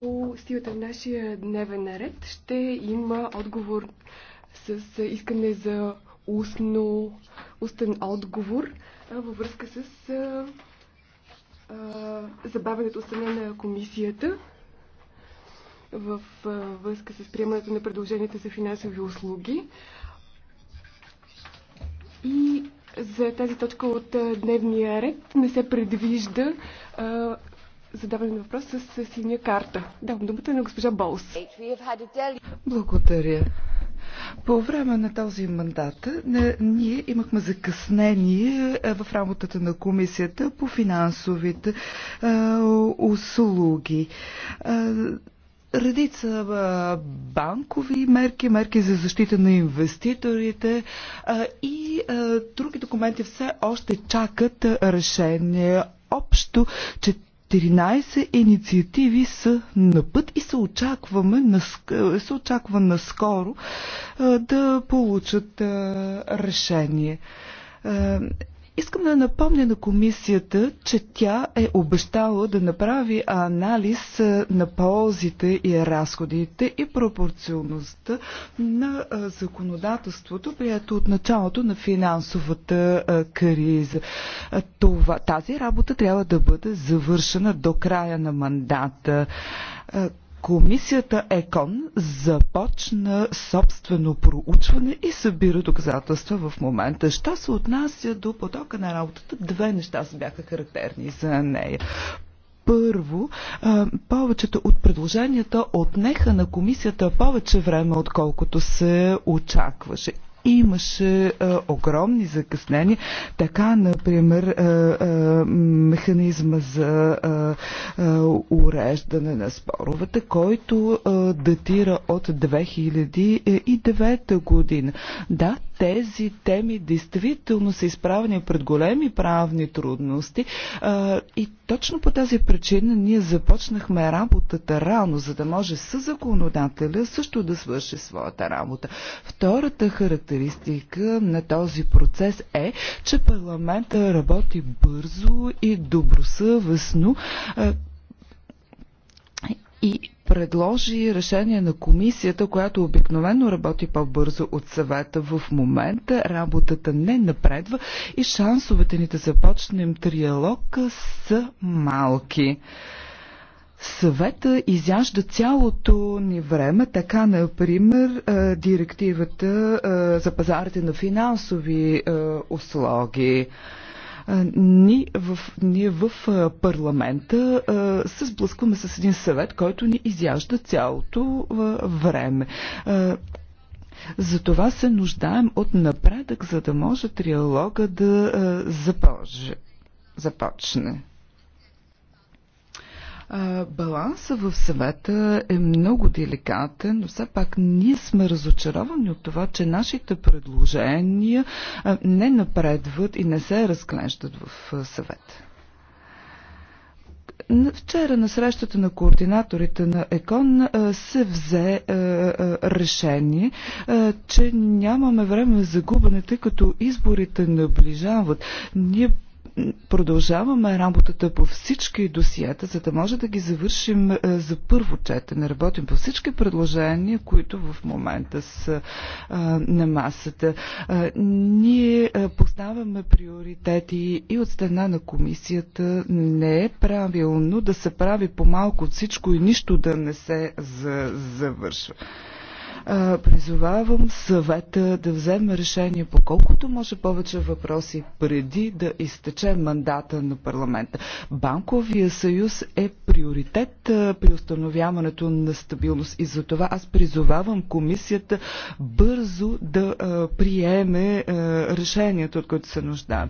По силата на нашия дневен наред ще има отговор с искане за устно, устен отговор във връзка с а, а, забавянето страна на комисията в а, връзка с приемането на предложенията за финансови услуги. И за тази точка от дневния ред не се предвижда а, задаване на въпрос с синя карта. Давам думата на госпожа Болс. Благодаря. По време на този мандат ние имахме закъснение в работата на комисията по финансовите услуги. Редица банкови мерки, мерки за защита на инвеститорите и други документи все още чакат решение. Общо 13 инициативи са на път и се, очакваме, е, се очаква наскоро е, да получат е, решение. Искам да напомня на комисията, че тя е обещала да направи анализ на ползите и разходите и пропорционността на законодателството, прието от началото на финансовата криза. Това, тази работа трябва да бъде завършена до края на мандата. Комисията ЕКОН започна собствено проучване и събира доказателства в момента. Що се отнася до потока на работата, две неща са бяха характерни за нея първо, повечето от предложенията отнеха на комисията повече време, отколкото се очакваше имаше а, огромни закъснения. Така, например, а, а, механизма за а, а, уреждане на споровете, който а, датира от 2009 година. Да, тези теми действително са изправени пред големи правни трудности а, и точно по тази причина ние започнахме работата рано, за да може със законодателя също да свърши своята работа. Втората характеристика характеристика на този процес е, че парламента работи бързо и добросъвестно е, и предложи решение на комисията, която обикновено работи по-бързо от съвета в момента. Работата не напредва и шансовете ни да започнем триалог са малки. Съвета изяжда цялото ни време, така например е, директивата е, за пазарите на финансови е, услуги. Ни в, ние в парламента се сблъскваме с един съвет, който ни изяжда цялото време. Затова се нуждаем от напредък, за да може триалога да започне. започне. Балансът в съвета е много деликатен, но все пак ние сме разочаровани от това, че нашите предложения не напредват и не се разглеждат в съвета. Вчера на срещата на координаторите на ЕКОН се взе решение, че нямаме време за губене, тъй като изборите наближават. Ние продължаваме работата по всички досията, за да може да ги завършим е, за първо четене. Работим по всички предложения, които в момента са е, на масата. Е, ние поставяме приоритети и от страна на комисията не е правилно да се прави по-малко от всичко и нищо да не се завършва призовавам съвета да вземе решение по колкото може повече въпроси преди да изтече мандата на парламента. Банковия съюз е приоритет при установяването на стабилност и за това аз призовавам комисията бързо да приеме решението, от което се нуждаем.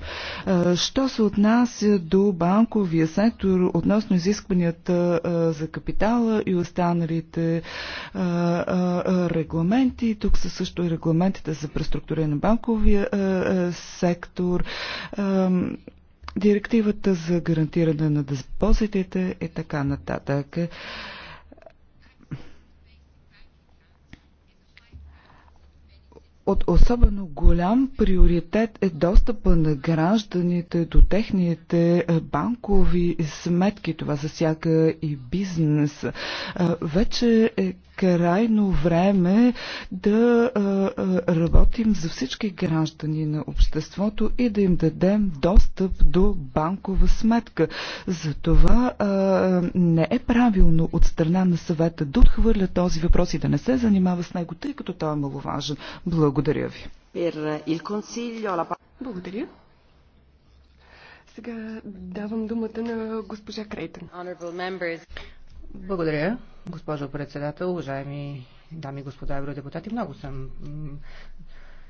Що се отнася до банковия сектор относно изискванията за капитала и останалите реклами? регламенти. Тук са също и регламентите за преструктуриране на банковия е, е, сектор, е, директивата за гарантиране на депозитите и така нататък. от особено голям приоритет е достъпа на гражданите до техните банкови сметки. Това засяга и бизнес. Вече е крайно време да работим за всички граждани на обществото и да им дадем достъп до банкова сметка. Затова не е правилно от страна на съвета да отхвърля този въпрос и да не се занимава с него, тъй като той е маловажен. Благодаря ви. Благодаря. Сега давам думата на госпожа Крейтън. Благодаря, госпожо председател, уважаеми дами и господа евродепутати. Много съм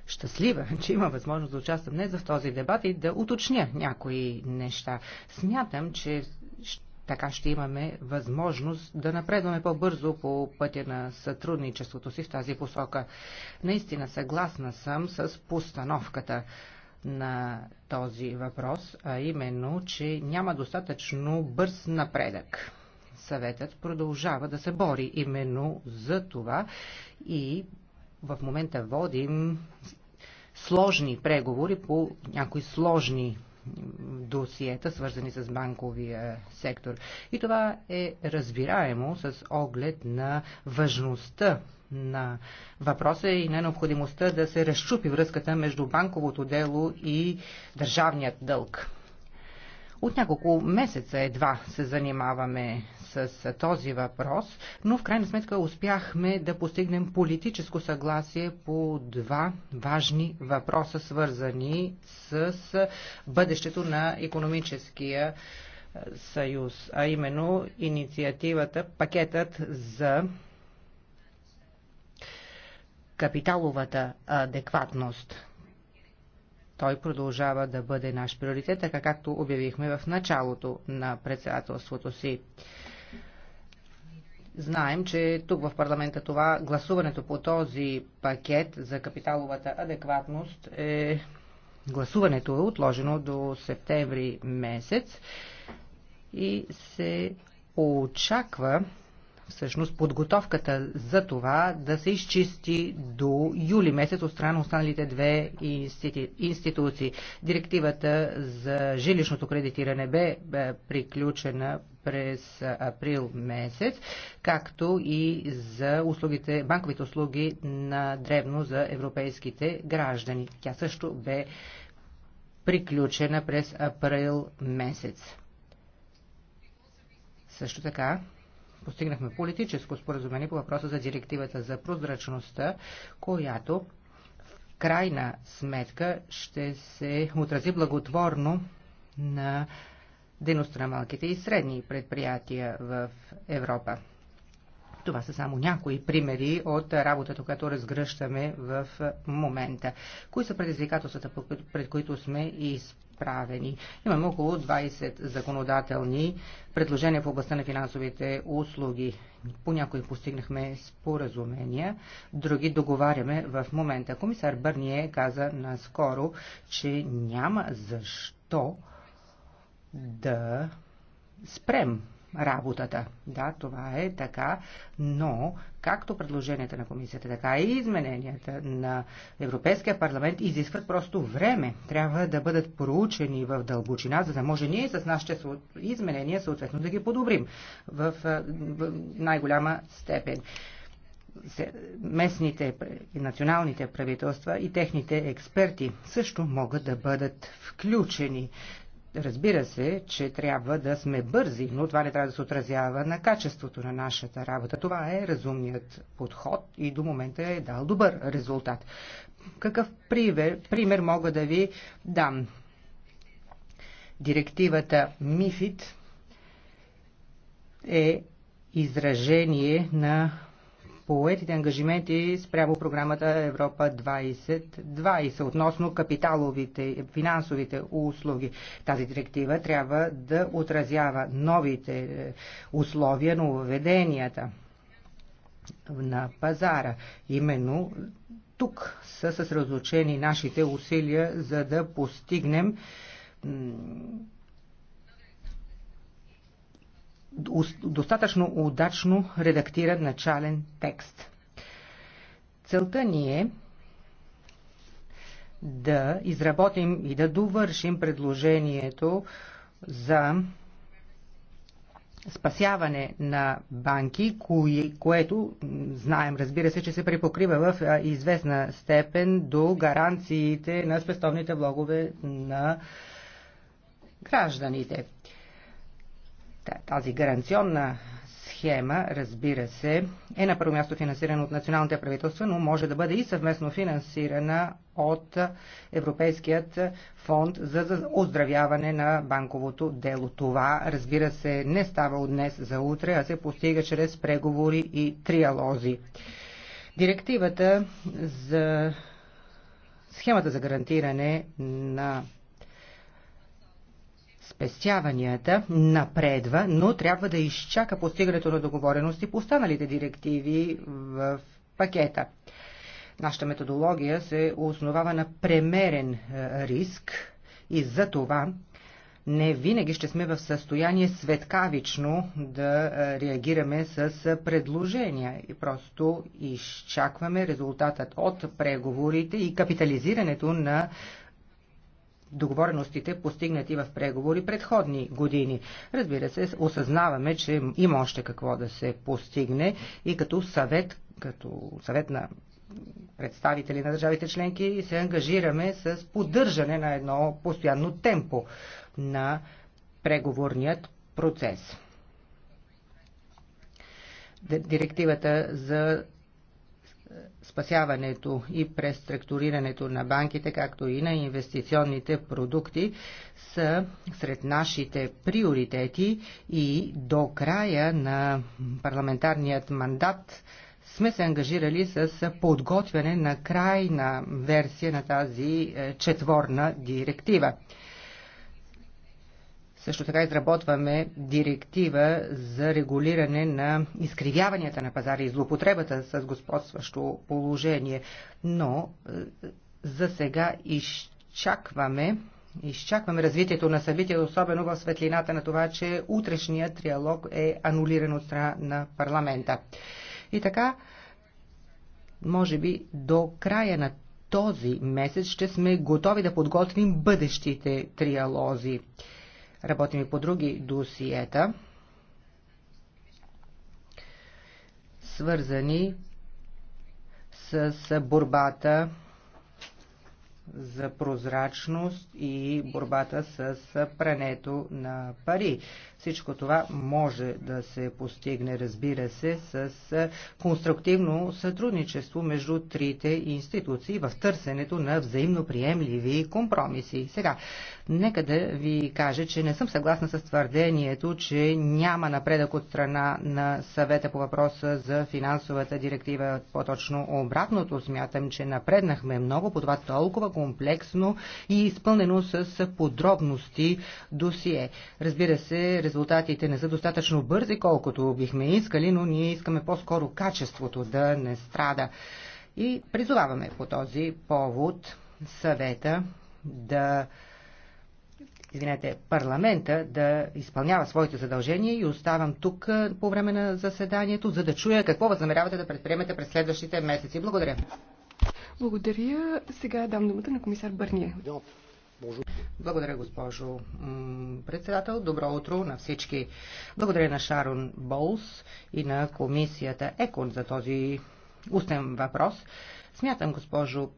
щастлива, че има възможност да участвам днес в този дебат и да уточня някои неща. Смятам, че така ще имаме възможност да напредваме по-бързо по пътя на сътрудничеството си в тази посока. Наистина съгласна съм с постановката на този въпрос, а именно, че няма достатъчно бърз напредък съветът продължава да се бори именно за това и в момента водим сложни преговори по някои сложни досиета, свързани с банковия сектор. И това е разбираемо с оглед на важността на въпроса и на необходимостта да се разчупи връзката между банковото дело и държавният дълг. От няколко месеца едва се занимаваме с този въпрос, но в крайна сметка успяхме да постигнем политическо съгласие по два важни въпроса, свързани с бъдещето на економическия е, съюз, а именно инициативата, пакетът за капиталовата адекватност. Той продължава да бъде наш приоритет, така както обявихме в началото на председателството си. Знаем, че тук в парламента това гласуването по този пакет за капиталовата адекватност е гласуването е отложено до септември месец и се очаква всъщност подготовката за това да се изчисти до юли месец от страна останалите две институции. Директивата за жилищното кредитиране бе приключена през април месец, както и за услугите, банковите услуги на древно за европейските граждани. Тя също бе приключена през април месец. Също така, постигнахме политическо споразумение по въпроса за директивата за прозрачността, която в крайна сметка ще се отрази благотворно на дейността на малките и средни предприятия в Европа. Това са само някои примери от работата, която разгръщаме в момента. Кои са предизвикателствата, пред които сме изправени? Имаме около 20 законодателни предложения в областта на финансовите услуги. По някои постигнахме споразумения, други договаряме в момента. Комисар Бърние каза наскоро, че няма защо да спрем работата. Да, това е така, но както предложенията на комисията, така и измененията на Европейския парламент изискват просто време. Трябва да бъдат проучени в дълбочина, за да може ние с нашите изменения съответно да ги подобрим в най-голяма степен местните и националните правителства и техните експерти също могат да бъдат включени. Разбира се, че трябва да сме бързи, но това не трябва да се отразява на качеството на нашата работа. Това е разумният подход и до момента е дал добър резултат. Какъв пример, пример мога да ви дам? Директивата МИФИТ е изражение на поетите ангажименти спрямо програмата Европа 2020 относно капиталовите, финансовите услуги. Тази директива трябва да отразява новите е, условия, на уведенията на пазара. Именно тук са съсредоточени нашите усилия, за да постигнем достатъчно удачно редактиран начален текст. Целта ни е да изработим и да довършим предложението за спасяване на банки, кое, което знаем, разбира се, че се припокрива в известна степен до гаранциите на спестовните влогове на гражданите. Тази гаранционна схема, разбира се, е на първо място финансирана от националните правителства, но може да бъде и съвместно финансирана от Европейският фонд за оздравяване на банковото дело. Това, разбира се, не става от днес за утре, а се постига чрез преговори и триалози. Директивата за схемата за гарантиране на спестяванията напредва, но трябва да изчака постигането на договорености по останалите директиви в пакета. Нашата методология се основава на премерен е, риск и за това не винаги ще сме в състояние светкавично да е, реагираме с е, предложения и просто изчакваме резултатът от преговорите и капитализирането на договореностите, постигнати в преговори предходни години. Разбира се, осъзнаваме, че има още какво да се постигне и като съвет, като съвет на представители на държавите членки се ангажираме с поддържане на едно постоянно темпо на преговорният процес. Директивата за спасяването и преструктурирането на банките, както и на инвестиционните продукти, са сред нашите приоритети и до края на парламентарният мандат сме се ангажирали с подготвяне на крайна версия на тази е, четворна директива. Също така изработваме директива за регулиране на изкривяванията на пазара и злоупотребата с господстващо положение. Но е, за сега изчакваме Изчакваме развитието на събитието, особено в светлината на това, че утрешният триалог е анулиран от страна на парламента. И така, може би до края на този месец ще сме готови да подготвим бъдещите триалози. Работим и по други досиета, свързани с борбата за прозрачност и борбата с прането на пари. Всичко това може да се постигне, разбира се, с конструктивно сътрудничество между трите институции в търсенето на взаимноприемливи компромиси. Сега, нека да ви кажа, че не съм съгласна с твърдението, че няма напредък от страна на съвета по въпроса за финансовата директива. По-точно обратното смятам, че напреднахме много по това толкова комплексно и изпълнено с подробности досие. Разбира се, резултатите не са достатъчно бързи, колкото бихме искали, но ние искаме по-скоро качеството да не страда. И призоваваме по този повод съвета да извинете, парламента да изпълнява своите задължения и оставам тук по време на заседанието, за да чуя какво възнамерявате да предприемете през следващите месеци. Благодаря. Благодаря. Сега дам думата на комисар Бърния. Благодаря, госпожо председател. Добро утро на всички. Благодаря на Шарон Болс и на комисията ЕКОН за този устен въпрос. Смятам, госпожо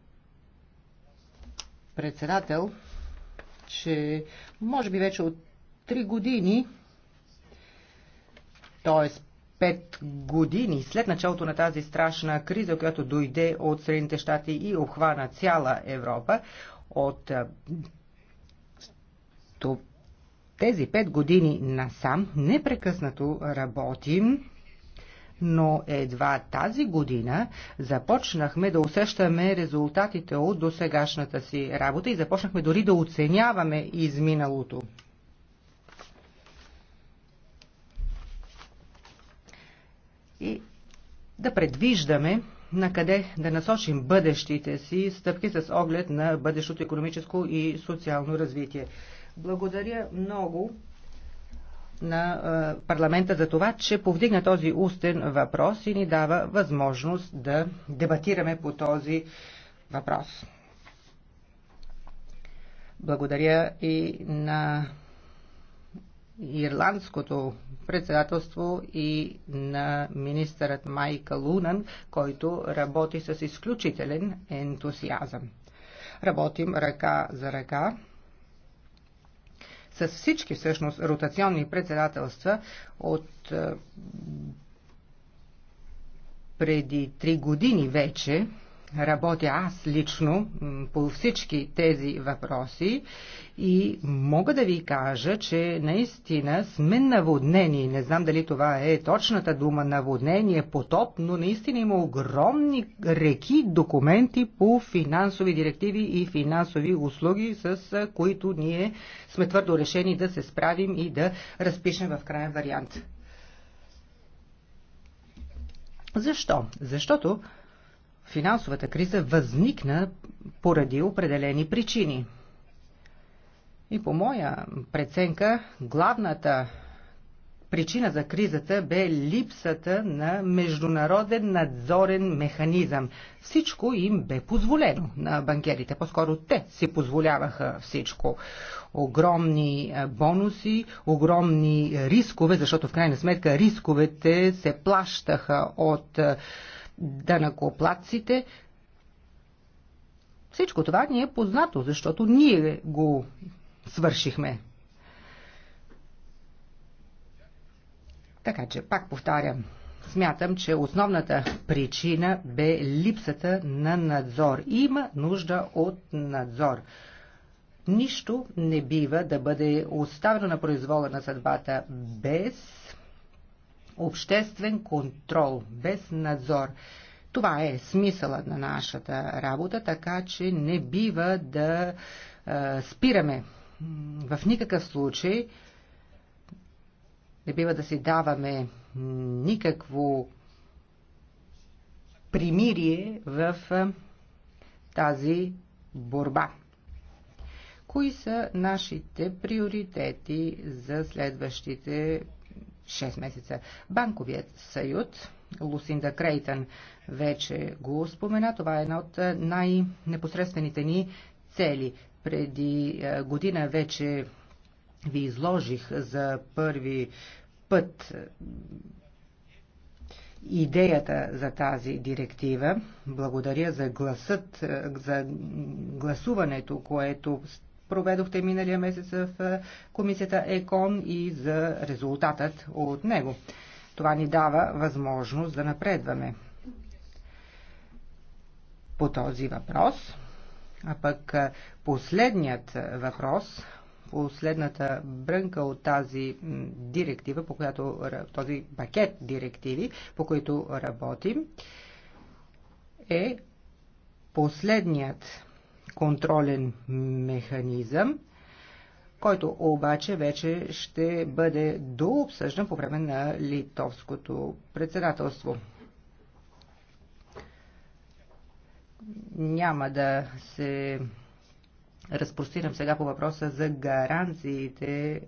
председател, че може би вече от 3 години, т.е пет години след началото на тази страшна криза, която дойде от Средните щати и обхвана цяла Европа, от тези пет години насам непрекъснато работим но едва тази година започнахме да усещаме резултатите от досегашната си работа и започнахме дори да оценяваме изминалото. и да предвиждаме на къде да насочим бъдещите си стъпки с оглед на бъдещото економическо и социално развитие. Благодаря много на парламента за това, че повдигна този устен въпрос и ни дава възможност да дебатираме по този въпрос. Благодаря и на ирландското председателство и на министърът Майка Лунан, който работи с изключителен ентусиазъм. Работим ръка за ръка с всички всъщност ротационни председателства от е, преди три години вече работя аз лично по всички тези въпроси и мога да ви кажа, че наистина сме наводнени. Не знам дали това е точната дума наводнение, потоп, но наистина има огромни реки документи по финансови директиви и финансови услуги, с които ние сме твърдо решени да се справим и да разпишем в крайен вариант. Защо? Защото финансовата криза възникна поради определени причини. И по моя преценка, главната причина за кризата бе липсата на международен надзорен механизъм. Всичко им бе позволено на банкерите. По-скоро те си позволяваха всичко. Огромни бонуси, огромни рискове, защото в крайна сметка рисковете се плащаха от данакоплаците. Всичко това ни е познато, защото ние го свършихме. Така че, пак повтарям, смятам, че основната причина бе липсата на надзор. Има нужда от надзор. Нищо не бива да бъде оставено на произвола на съдбата без обществен контрол, без надзор. Това е смисъла на нашата работа, така че не бива да е, спираме в никакъв случай, не бива да си даваме никакво примирие в тази борба. Кои са нашите приоритети за следващите 6 месеца. Банковият съюз, Лусинда Крейтън вече го спомена, това е една от най-непосредствените ни цели. Преди година вече ви изложих за първи път идеята за тази директива. Благодаря за гласът, за гласуването, което проведохте миналия месец в е, комисията ЕКОН и за резултатът от него. Това ни дава възможност да напредваме по този въпрос. А пък е, последният въпрос, последната брънка от тази директива, по която, този пакет директиви, по които работим, е последният контролен механизъм, който обаче вече ще бъде дообсъждан по време на литовското председателство. Няма да се разпростирам сега по въпроса за гаранциите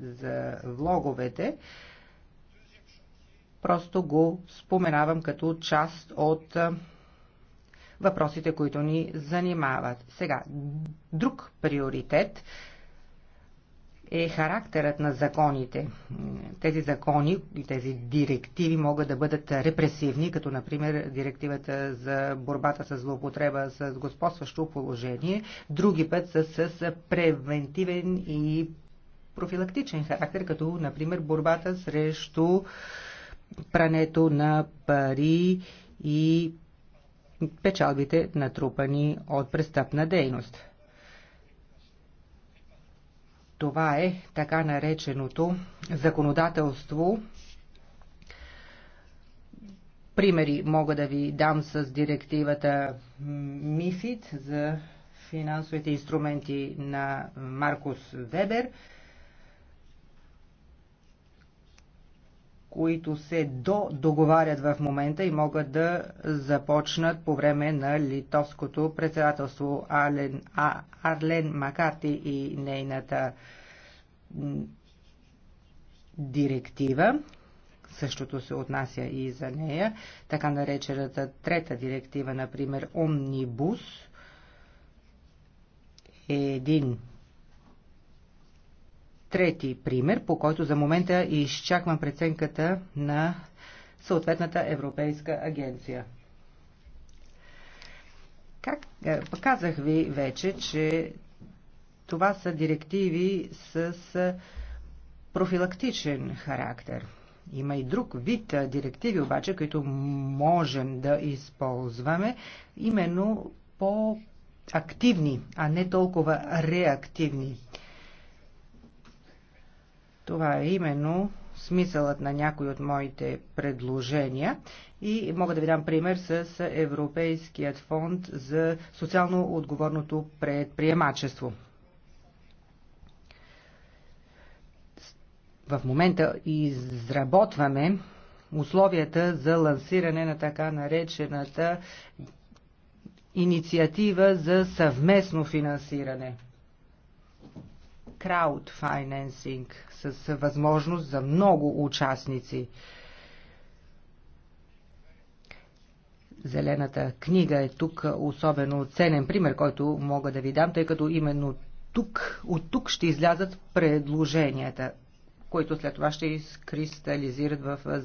за влоговете. Просто го споменавам като част от въпросите, които ни занимават. Сега, друг приоритет е характерът на законите. Тези закони и тези директиви могат да бъдат репресивни, като например директивата за борбата с злоупотреба с господстващо положение, други път са с превентивен и профилактичен характер, като например борбата срещу прането на пари и печалбите натрупани от престъпна дейност. Това е така нареченото законодателство. Примери мога да ви дам с директивата МИФИД за финансовите инструменти на Маркус Вебер, които се додоговарят в момента и могат да започнат по време на литовското председателство. Арлен, а, Арлен Макарти и нейната директива, същото се отнася и за нея, така наречената трета директива, например Омнибус, е един трети пример, по който за момента изчаквам преценката на съответната Европейска агенция. Как, показах е, ви вече, че това са директиви с е, профилактичен характер. Има и друг вид е, директиви, обаче, които можем да използваме, именно по-активни, а не толкова реактивни. Това е именно смисълът на някои от моите предложения и мога да ви дам пример с Европейският фонд за социално отговорното предприемачество. В момента изработваме условията за лансиране на така наречената инициатива за съвместно финансиране краудфайненсинг с възможност за много участници. Зелената книга е тук особено ценен пример, който мога да ви дам, тъй като именно тук, от тук ще излязат предложенията, които след това ще изкристализират в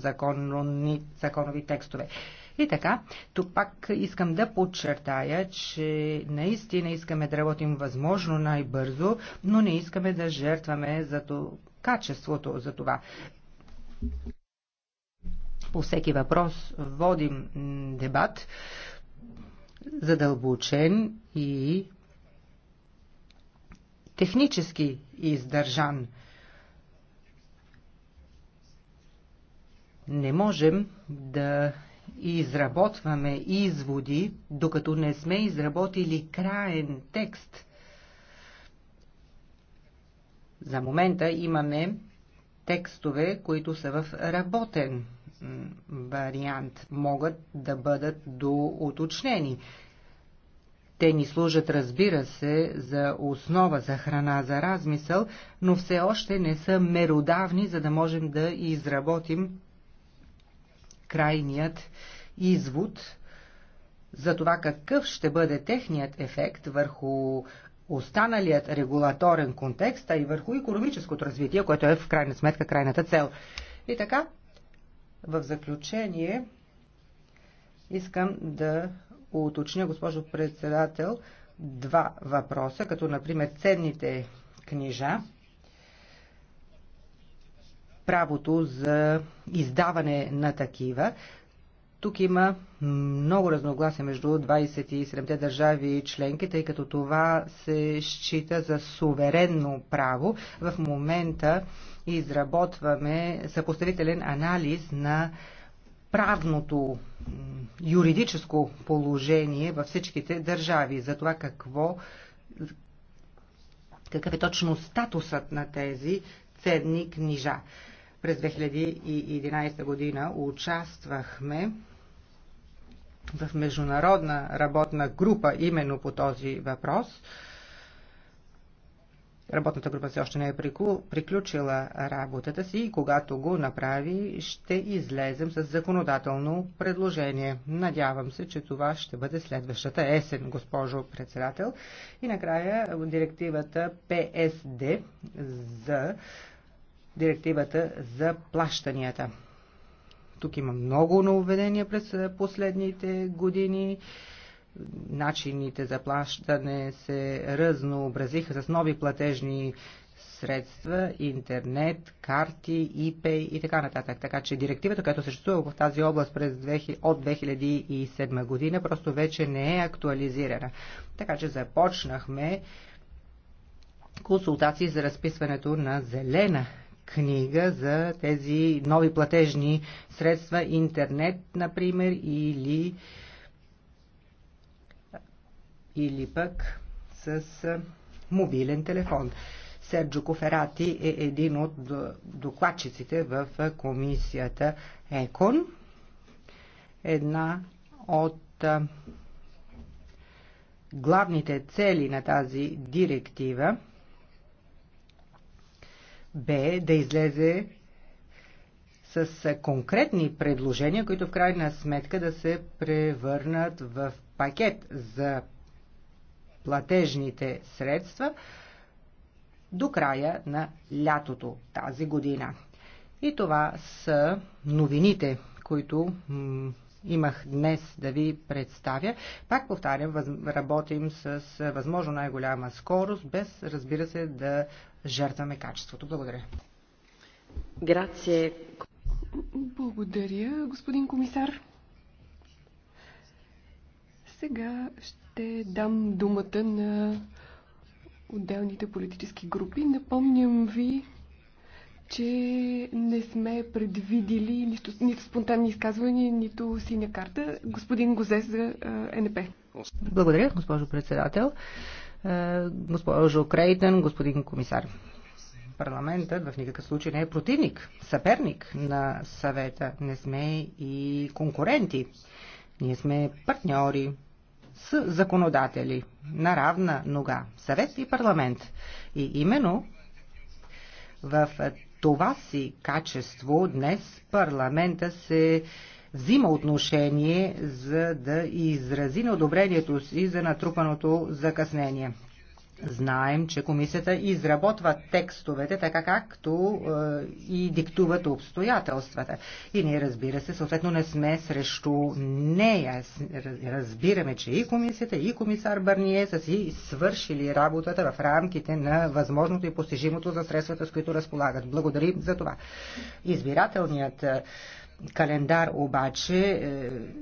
законови текстове. И така, тук пак искам да подчертая, че наистина искаме да работим възможно най-бързо, но не искаме да жертваме за то, качеството за това. По всеки въпрос водим дебат, задълбочен и технически издържан. Не можем да изработваме изводи, докато не сме изработили краен текст. За момента имаме текстове, които са в работен вариант, могат да бъдат доуточнени. Те ни служат, разбира се, за основа, за храна, за размисъл, но все още не са меродавни, за да можем да изработим крайният извод за това какъв ще бъде техният ефект върху останалият регулаторен контекст, а и върху економическото развитие, което е в крайна сметка крайната цел. И така, в заключение, искам да уточня, госпожо председател, два въпроса, като например ценните книжа правото за издаване на такива. Тук има много разногласие между 27-те държави и членки, тъй като това се счита за суверенно право. В момента изработваме съпоставителен анализ на правното юридическо положение във всичките държави за това какво какъв е точно статусът на тези ценни книжа. През 2011 година участвахме в международна работна група именно по този въпрос. Работната група все още не е приключила работата си и когато го направи, ще излезем с законодателно предложение. Надявам се, че това ще бъде следващата есен, госпожо председател. И накрая директивата ПСД за директивата за плащанията. Тук има много нововведения през последните години. Начините за плащане се разнообразиха с нови платежни средства, интернет, карти, ePay и така нататък. Така че директивата, която съществува в тази област през 2000, от 2007 година, просто вече не е актуализирана. Така че започнахме консултации за разписването на зелена книга за тези нови платежни средства, интернет, например, или, или пък с мобилен телефон. Серджо Коферати е един от докладчиците в комисията ЕКОН. Една от главните цели на тази директива Б да излезе с конкретни предложения, които в крайна сметка да се превърнат в пакет за платежните средства до края на лятото тази година. И това са новините, които имах днес да ви представя. Пак повтарям, въз... работим с възможно най-голяма скорост, без, разбира се, да жертваме качеството. Благодаря. Грация. Благодаря, господин комисар. Сега ще дам думата на отделните политически групи. Напомням ви че не сме предвидили нито, нито спонтанни изказвания, нито синя карта. Господин Гозес за НП. Благодаря, госпожо председател. Госпожо Крейтен, господин комисар. Парламентът в никакъв случай не е противник, съперник на съвета. Не сме и конкуренти. Ние сме партньори, с законодатели на равна нога, съвет и парламент. И именно в това си качество днес парламента се взима отношение, за да изрази на одобрението си за натрупаното закъснение. Знаем, че комисията изработва текстовете така както е, и диктуват обстоятелствата. И ние, разбира се, съответно не сме срещу нея. Разбираме, че и комисията, и комисар Барние са си свършили работата в рамките на възможното и постижимото за средствата, с които разполагат. Благодарим за това. Избирателният е, календар обаче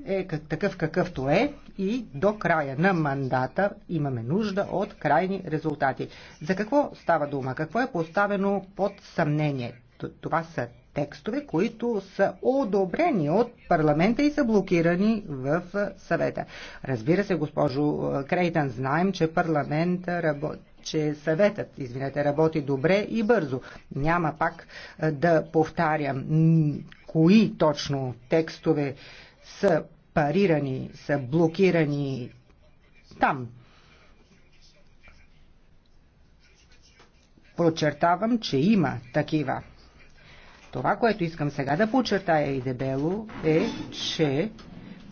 е, е такъв какъвто е и до края на мандата имаме нужда от крайни резултати. За какво става дума? Какво е поставено под съмнение? Това са текстове, които са одобрени от парламента и са блокирани в съвета. Разбира се, госпожо Крейтън, знаем, че парламента работи че съветът, извинете, работи добре и бързо. Няма пак да повтарям кои точно текстове са парирани, са блокирани там. Прочертавам, че има такива. Това, което искам сега да подчертая и дебело е, че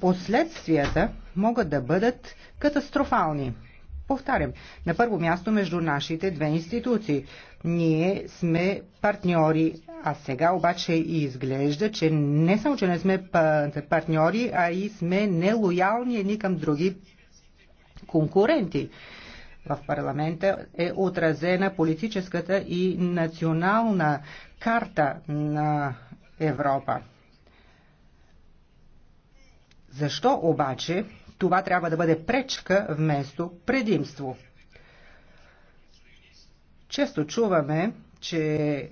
последствията могат да бъдат катастрофални. Повтарям, на първо място между нашите две институции. Ние сме партньори, а сега обаче и изглежда, че не само, че не сме партньори, а и сме нелоялни едни към други конкуренти. В парламента е отразена политическата и национална карта на Европа. Защо обаче това трябва да бъде пречка вместо предимство? Често чуваме, че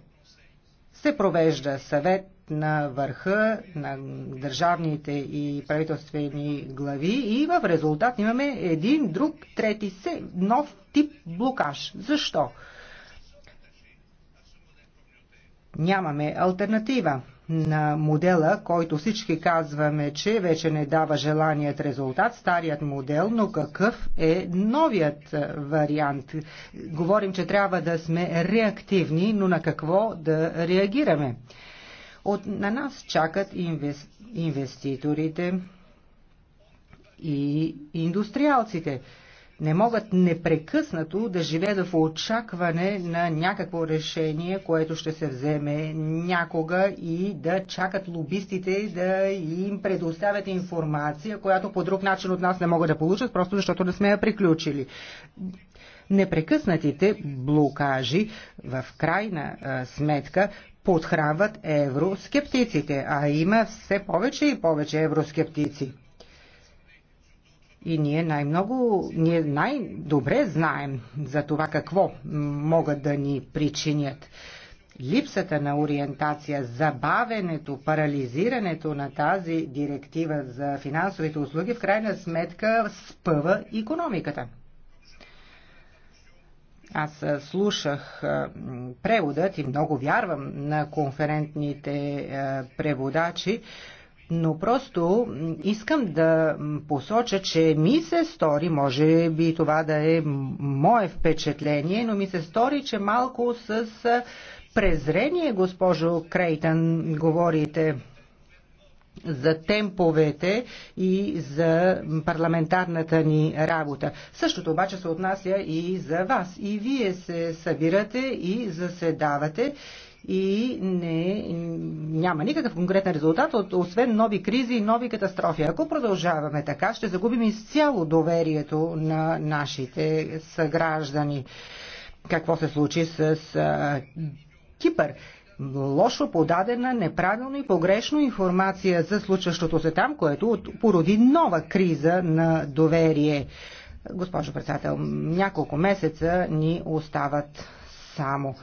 се провежда съвет на върха на държавните и правителствени глави и в резултат имаме един друг трети се, нов тип блокаж. Защо? Нямаме альтернатива на модела, който всички казваме, че вече не дава желаният резултат, старият модел, но какъв е новият е, вариант? Говорим, че трябва да сме реактивни, но на какво да реагираме? От, на нас чакат инвес, инвеститорите и индустриалците не могат непрекъснато да живеят в очакване на някакво решение, което ще се вземе някога и да чакат лобистите да им предоставят информация, която по друг начин от нас не могат да получат, просто защото не сме я приключили. Непрекъснатите блокажи в крайна сметка подхранват евроскептиците, а има все повече и повече евроскептици. И ние най-много, ние най-добре знаем за това какво могат да ни причинят. Липсата на ориентация, забавенето, парализирането на тази директива за финансовите услуги в крайна сметка спъва економиката. Аз слушах преводът и много вярвам на конферентните преводачи, но просто искам да посоча, че ми се стори, може би това да е мое впечатление, но ми се стори, че малко с презрение, госпожо Крейтън, говорите за темповете и за парламентарната ни работа. Същото обаче се отнася и за вас. И вие се събирате и заседавате и не, няма никакъв конкретен резултат, от, освен нови кризи и нови катастрофи. Ако продължаваме така, ще загубим изцяло доверието на нашите съграждани. Какво се случи с а, Кипър? лошо подадена, неправилно и погрешно информация за случващото се там, което породи нова криза на доверие. Госпожо председател, няколко месеца ни остават само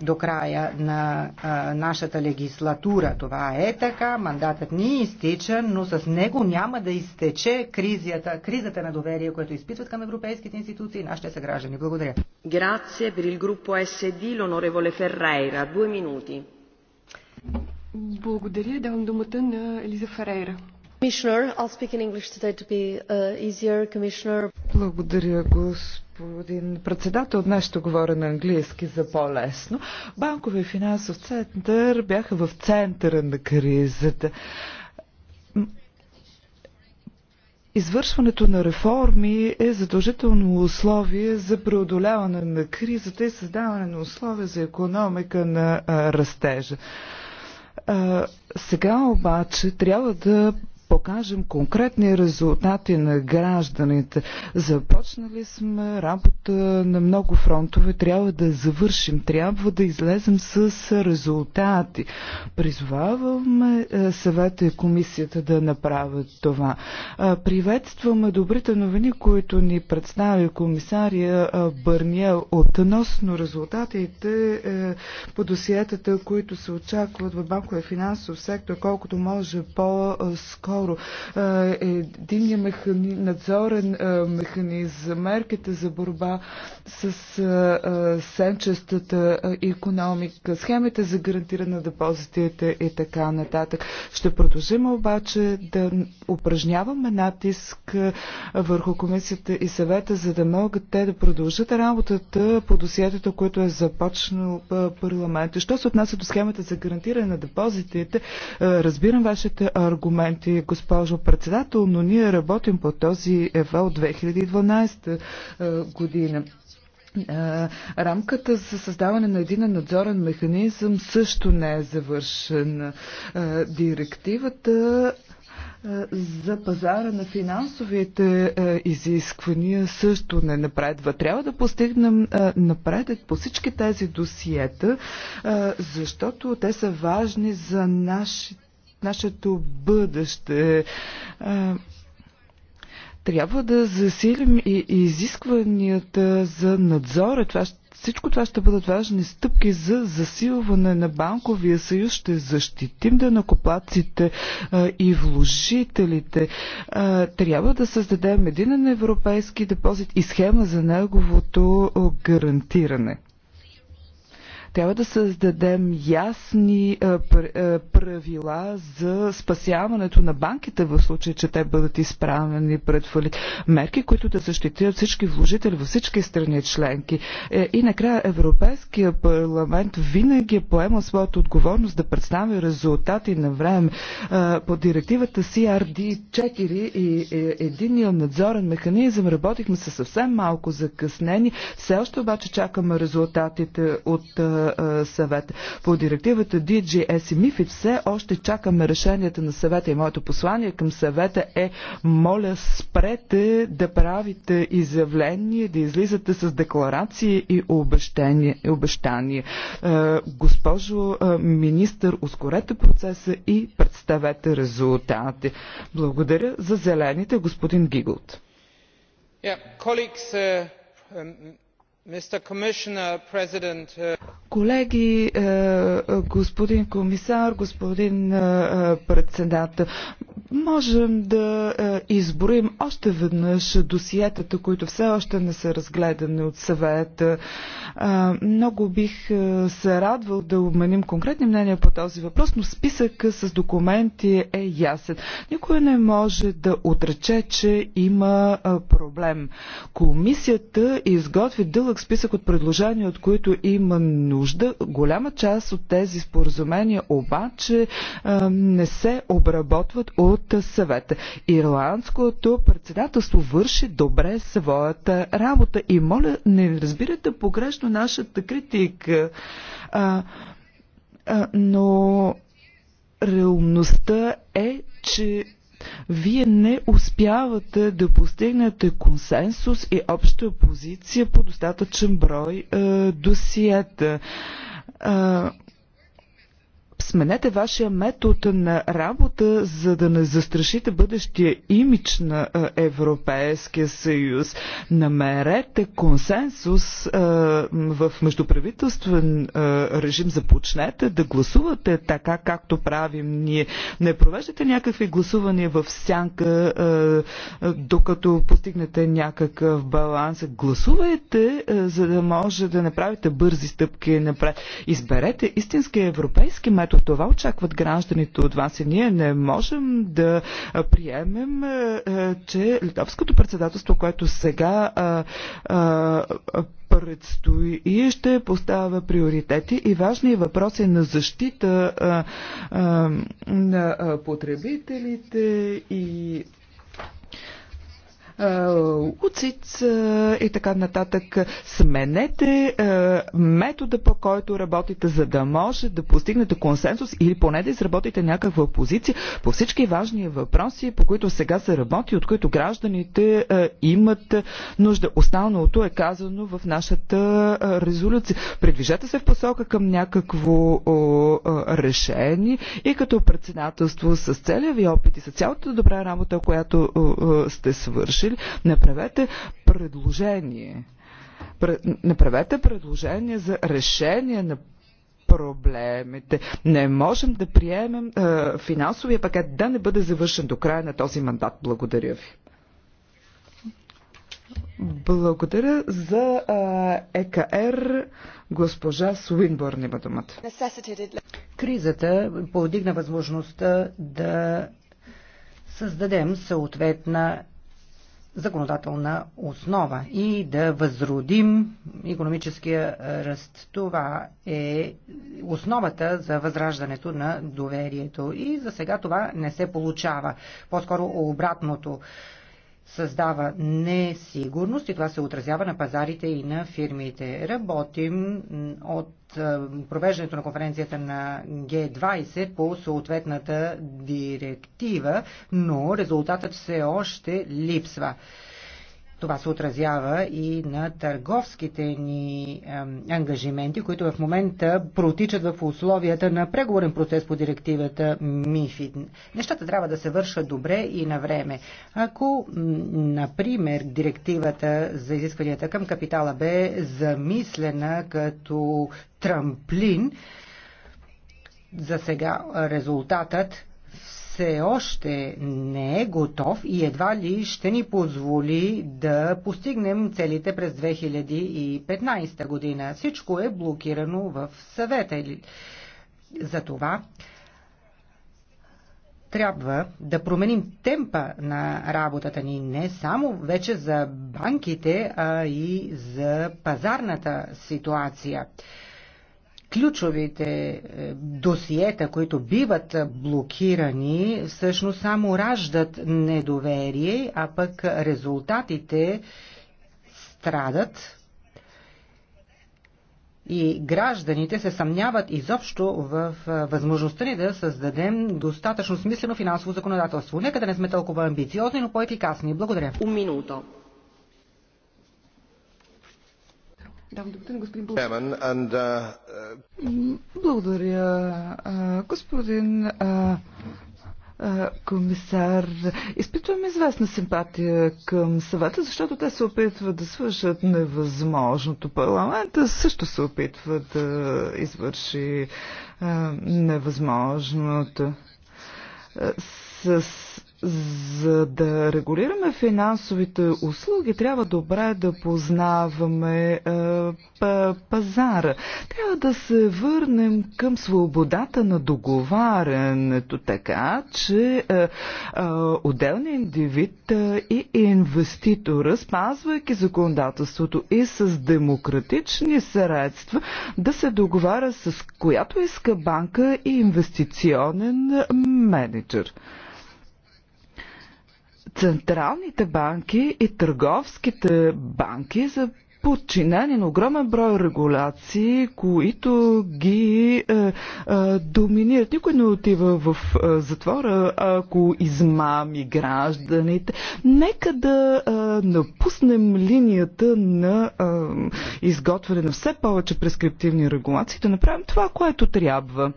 до края на а, нашата легислатура. Това е така, мандатът ни е изтича, но с него няма да изтече кризията, кризата на доверие, което изпитват към европейските институции и нашите съграждани. Благодаря. Грация per il СД, лонореволе Феррейра. Две минути. Благодаря. Давам думата на Елиза Ферейра. Uh, Благодаря, господин господин председател. Днес ще говоря на английски за по-лесно. Банкови и финансов център бяха в центъра на кризата. Извършването на реформи е задължително условие за преодоляване на кризата и създаване на условия за економика на растежа. сега обаче трябва да покажем конкретни резултати на гражданите. Започнали сме работа на много фронтове, трябва да завършим, трябва да излезем с резултати. Призваваме е, съвета и комисията да направят това. Е, приветстваме добрите новини, които ни представи комисария е, Бърния относно резултатите по досиетата, които се очакват в банковия финансов сектор, колкото може по-скоро Второ, е, единния механи... надзорен е, механизъм, мерките за борба с е, сенчестата економика, схемите за гарантиране на депозитите и така нататък. Ще продължим обаче да упражняваме натиск върху комисията и съвета, за да могат те да продължат работата по досиетата, което е започнал парламента. Що се отнася до схемата за гарантиране на депозитите, разбирам вашите аргументи, госпожо председател, но ние работим по този ЕВА от 2012 е, година. Е, рамката за създаване на един надзорен механизъм също не е завършена. Е, директивата за пазара на финансовите изисквания също не напредва. Трябва да постигнем напредък по всички тези досиета, защото те са важни за нашите нашето бъдеще. Трябва да засилим и изискванията за надзора. Е, това всичко това ще бъдат важни стъпки за засилване на банковия съюз. Ще защитим денакоплаците и вложителите. Трябва да създадем един европейски депозит и схема за неговото гарантиране. Трябва да създадем ясни е, е, правила за спасяването на банките в случай, че те бъдат изправени пред фалит. Мерки, които да защитят всички вложители във всички страни членки. Е, и накрая Европейския парламент винаги е поемал своята отговорност да представи резултати на време по директивата CRD 4 и единия надзорен механизъм работихме със съвсем малко закъснени. Все още обаче чакаме резултатите от съвет. По директивата DGS и MIFID все още чакаме решенията на съвета и моето послание към съвета е моля спрете да правите изявление, да излизате с декларации и обещания. Госпожо министър, ускорете процеса и представете резултати. Благодаря за зелените, господин Гигулт. Yeah, colleagues, uh, um, mr commissioner president uh... Колеги, е, е, господин комисар, господин е, председател, Можем да е, изборим още веднъж досиетата, които все още не са разгледани от съвета. Е, много бих е, се радвал да обменим конкретни мнения по този въпрос, но списък с документи е ясен. Никой не може да отрече, че има проблем. Комисията изготви дълъг списък от предложения, от които има нужда. Голяма част от тези споразумения обаче не се обработват от от съвета. Ирландското председателство върши добре своята работа и моля, не разбирате погрешно нашата критика, а, а, но реалността е, че вие не успявате да постигнете консенсус и обща позиция по достатъчен брой а, досиета. А, Сменете вашия метод на работа, за да не застрашите бъдещия имидж на Европейския съюз. Намерете консенсус в междуправителствен режим. Започнете да гласувате така, както правим ние. Не провеждате някакви гласувания в сянка, докато постигнете някакъв баланс. Гласувайте, за да може да направите бързи стъпки напред. Изберете истински европейски метод ето това очакват гражданите от вас и ние не можем да приемем, че литовското председателство, което сега предстои и ще поставя приоритети и важни въпроси е на защита а, а, на потребителите и е, уциц е, и така нататък. Сменете е, метода, по който работите, за да може да постигнете консенсус или поне да изработите някаква позиция по всички важни въпроси, по които сега се работи, от които гражданите имат нужда. Останалото е казано в нашата резолюция. Предвижете се в посока към някакво решение и като председателство с целия ви опит и с цялата добра работа, която сте свършили решили, направете предложение. Направете предложение за решение на проблемите. Не можем да приемем е, финансовия пакет да не бъде завършен до края на този мандат. Благодаря ви. Благодаря за е, ЕКР. Госпожа Суинбърн има думата. Кризата повдигна възможността да създадем съответна законодателна основа и да възродим економическия ръст. Това е основата за възраждането на доверието и за сега това не се получава. По-скоро обратното създава несигурност и това се отразява на пазарите и на фирмите. Работим от е, провеждането на конференцията на Г20 по съответната директива, но резултатът все още липсва. Това се отразява и на търговските ни ангажименти, които в момента протичат в условията на преговорен процес по директивата МИФИД. Нещата трябва да се вършат добре и на време. Ако, например, директивата за изискванията към капитала бе замислена като трамплин, за сега резултатът все още не е готов и едва ли ще ни позволи да постигнем целите през 2015 година. Всичко е блокирано в съвета. Затова трябва да променим темпа на работата ни не само вече за банките, а и за пазарната ситуация ключовите е, досиета, които биват блокирани, всъщност само раждат недоверие, а пък резултатите страдат и гражданите се съмняват изобщо в е, възможността ни да създадем достатъчно смислено финансово законодателство. Нека да не сме толкова амбициозни, но по-ефикасни. Благодаря. Un minuto. Uh, uh, Благодаря. Благодаря, господин комисар. Изпитвам известна симпатия към съвета, защото те се опитват да свършат невъзможното. Парламента също се опитва да извърши невъзможното. С за да регулираме финансовите услуги, трябва добре да познаваме е, пазара. Трябва да се върнем към свободата на договарянето, така че е, е, отделният индивид е, и инвеститора, спазвайки законодателството и с демократични средства, да се договаря с която иска банка и инвестиционен менеджер централните банки и търговските банки за подчинени на огромен брой регулации, които ги е, е, доминират. Никой не отива в е, затвора, ако измами гражданите. Нека да е, напуснем линията на е, изготвяне на все повече прескриптивни регулации, да направим това, което трябва.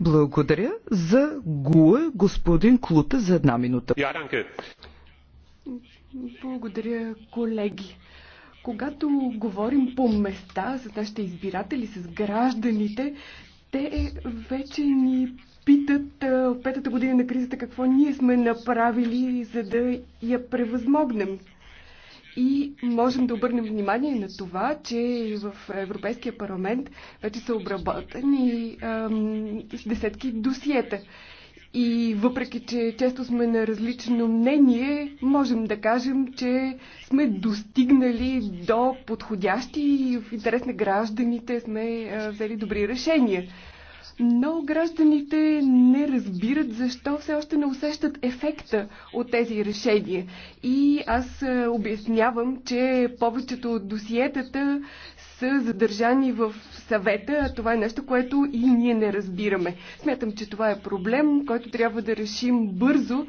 Благодаря за ГУЕ, господин Клута, за една минута. Благодаря, колеги. Когато говорим по места с нашите избиратели, с гражданите, те вече ни питат в петата година на кризата какво ние сме направили, за да я превъзмогнем. И можем да обърнем внимание на това, че в Европейския парламент вече са обработени ам, десетки досиета. И въпреки, че често сме на различно мнение, можем да кажем, че сме достигнали до подходящи и в интерес на гражданите сме взели добри решения. Но гражданите не разбират защо все още не усещат ефекта от тези решения. И аз е, обяснявам, че повечето от досиетата са задържани в съвета, а това е нещо, което и ние не разбираме. Смятам, че това е проблем, който трябва да решим бързо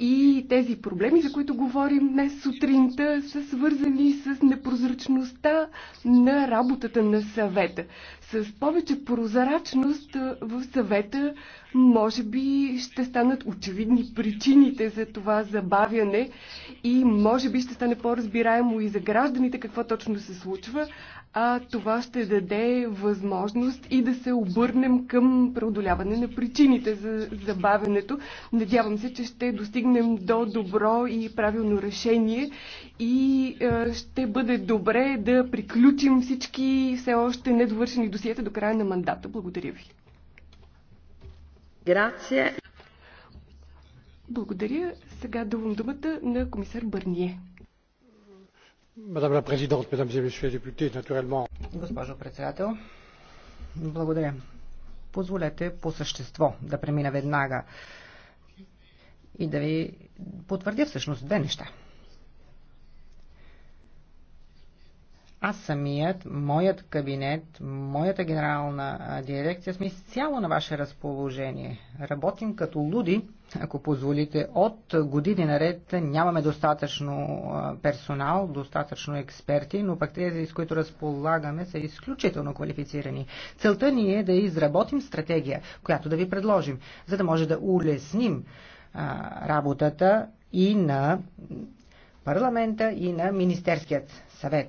и тези проблеми, за които говорим днес сутринта, са свързани с непрозрачността на работата на съвета. С повече прозрачност в съвета, може би ще станат очевидни причините за това забавяне и може би ще стане по-разбираемо и за гражданите какво точно се случва, а това ще даде възможност и да се обърнем към преодоляване на причините за забавенето. Надявам се, че ще достигнем до добро и правилно решение и ще бъде добре да приключим всички все още недовършени досиета до края на мандата. Благодаря ви. Грация. Благодаря. Сега давам думата на комисар Бърние. Madame la présidente, mesdames et messieurs les députés, naturellement. Госпожо председател, благодаря. Позволете по същество да премина веднага и да ви потвърдя всъщност две неща. аз самият, моят кабинет, моята генерална дирекция сме изцяло на ваше разположение. Работим като луди, ако позволите. От години наред нямаме достатъчно персонал, достатъчно експерти, но пък тези, с които разполагаме, са изключително квалифицирани. Целта ни е да изработим стратегия, която да ви предложим, за да може да улесним работата и на парламента и на Министерският съвет,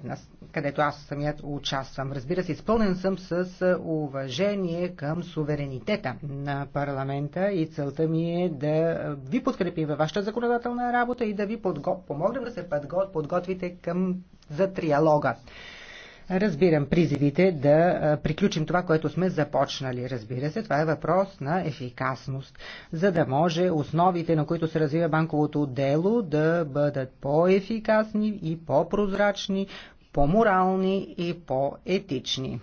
където аз самият участвам. Разбира се, изпълнен съм с уважение към суверенитета на парламента и целта ми е да ви подкрепим във вашата законодателна работа и да ви подго... помогнем да се подго... подготвите към... за триалога. Разбирам призивите да приключим това, което сме започнали. Разбира се, това е въпрос на ефикасност, за да може основите, на които се развива банковото дело, да бъдат по-ефикасни и по-прозрачни, по-морални и по-етични.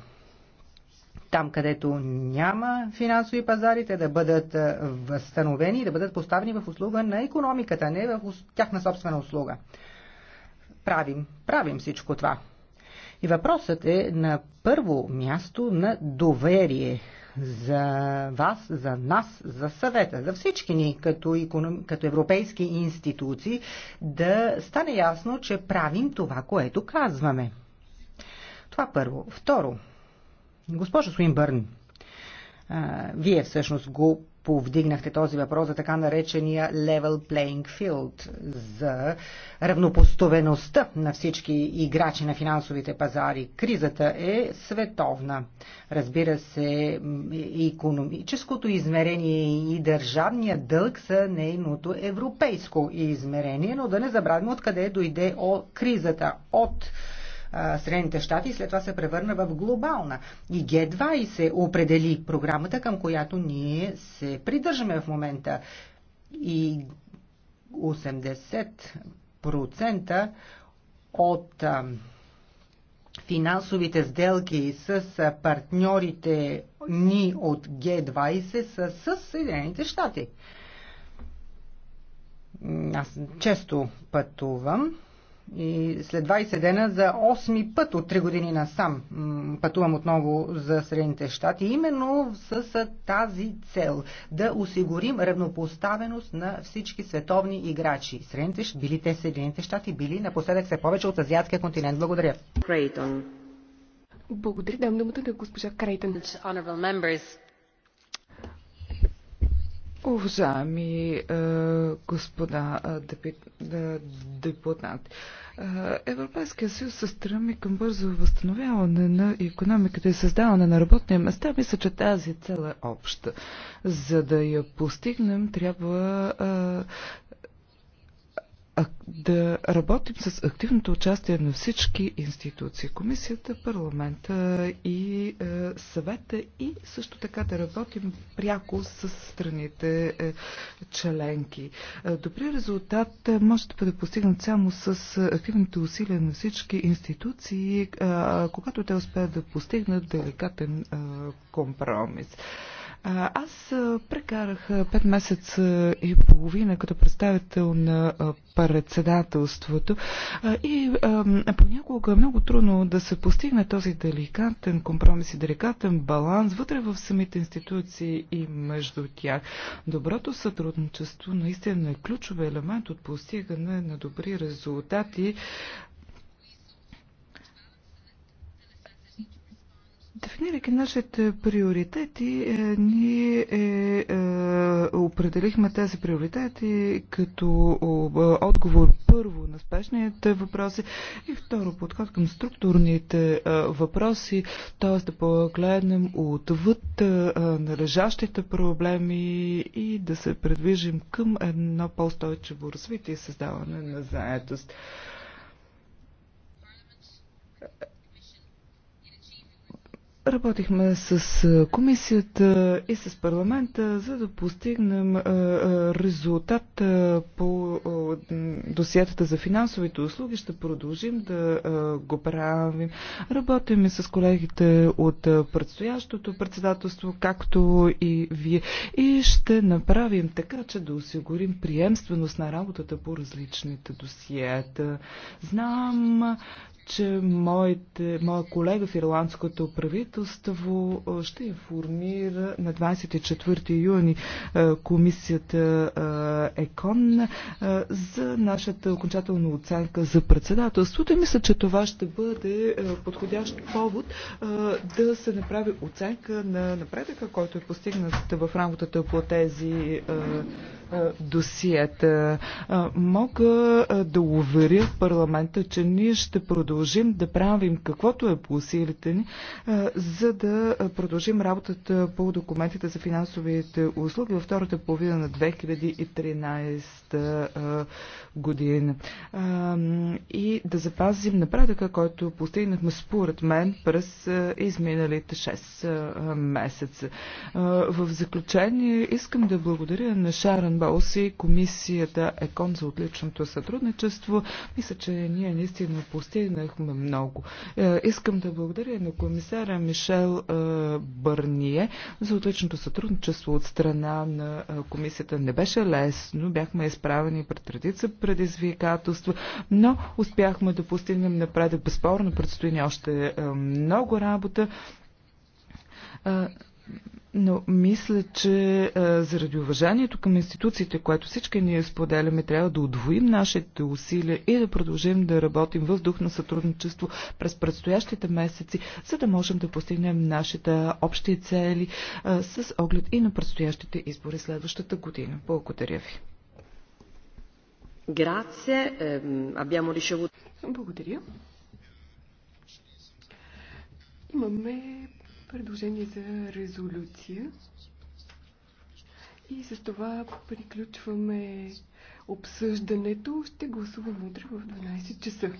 Там, където няма финансови пазари, те да бъдат възстановени и да бъдат поставени в услуга на економиката, не в тяхна собствена услуга. Правим, правим всичко това. И въпросът е на първо място на доверие за вас, за нас, за съвета, за всички ни като, економ... като европейски институции, да стане ясно, че правим това, което казваме. Това първо. Второ, госпожо Суинбърн, вие всъщност го повдигнахте този въпрос за така наречения level playing field, за равнопоставеността на всички играчи на финансовите пазари. Кризата е световна. Разбира се, економическото измерение и държавния дълг са нейното европейско измерение, но да не забравим откъде дойде о кризата от Средните щати и след това се превърна в глобална. И Г20 определи програмата, към която ние се придържаме в момента. И 80% от финансовите сделки с партньорите ни от Г20 са с Съединените щати. Аз често пътувам и след 20 дена за 8 път от 3 години насам пътувам отново за Средните щати, именно с тази цел да осигурим равнопоставеност на всички световни играчи. Средните, били те Съединените щати, били напоследък все повече от азиатския континент. Благодаря. Крейтон. Благодаря. Дам думата на госпожа Крейтън. Уважаеми е, господа е, е, депутати, Европейския съюз се стреми към бързо възстановяване на економиката и създаване на работни места. Мисля, че тази цел е обща. За да я постигнем, трябва да работим с активното участие на всички институции, комисията, парламента и е, съвета и също така да работим пряко с страните е, членки. Е, резултат може да бъде постигнат само с активните усилия на всички институции, е, когато те успеят да постигнат деликатен е, компромис. Е, аз прекарах 5 месеца и половина като представител на председателството и понякога е много трудно да се постигне този деликатен компромис и деликатен баланс вътре в самите институции и между тях. Доброто сътрудничество наистина е ключов елемент от постигане на добри резултати Дефинирайки нашите приоритети, е, ние е, е, определихме тези приоритети като отговор първо на спешните въпроси и второ подход към структурните е, въпроси, т.е. да погледнем отвъд е, е належащите проблеми и да се предвижим към едно по стойчево развитие и създаване на заетост Работихме с комисията и с парламента, за да постигнем резултат по досиетата за финансовите услуги. Ще продължим да го правим. Работим и с колегите от предстоящото председателство, както и вие. И ще направим така, че да осигурим приемственост на работата по различните досиета. Знам, че моите, моя колега в ирландското правителство ще информира на 24 юни комисията ЕКОН за нашата окончателна оценка за председателството и мисля, че това ще бъде подходящ повод да се направи оценка на напредъка, който е постигнат в работата по тези досиета. Мога да уверя парламента, че ние ще продължим да правим каквото е по усилите ни, за да продължим работата по документите за финансовите услуги във втората половина на 2013 година. И да запазим напредъка, който постигнахме според мен през изминалите 6 месеца. В заключение искам да благодаря на Шаран господин комисията ЕКОН за отличното сътрудничество. Мисля, че ние наистина постигнахме много. Е, искам да благодаря на комисаря Мишел е, Бърние за отличното сътрудничество от страна на е, комисията. Не беше лесно, бяхме изправени пред традица предизвикателства, но успяхме да постигнем напредък. Безспорно предстои ни още много работа. Но мисля, че а, е, заради уважанието към институциите, което всички ние споделяме, трябва да удвоим нашите усилия и да продължим да работим в дух на сътрудничество през предстоящите месеци, за да можем да постигнем нашите общи цели а, е, с оглед и на предстоящите избори следващата година. Благодаря ви. Благодаря. Имаме предложение за резолюция. И с това приключваме обсъждането. Ще гласуваме утре в 12 часа.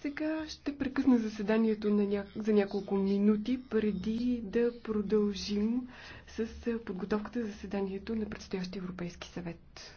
Сега ще прекъсна заседанието на ня... за няколко минути, преди да продължим с подготовката за заседанието на предстоящия Европейски съвет.